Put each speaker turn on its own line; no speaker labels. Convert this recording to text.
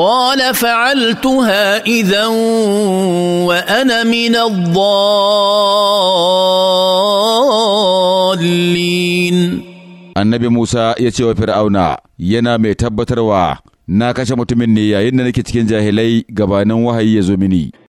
قال فعلتها اذا وانا من
الضالين annabi Musa ya ce wa Fir'auna yana mai tabbatarwa na kashe mutumin ne yayin da nake cikin jahilai gabanin wahayi ya zo mini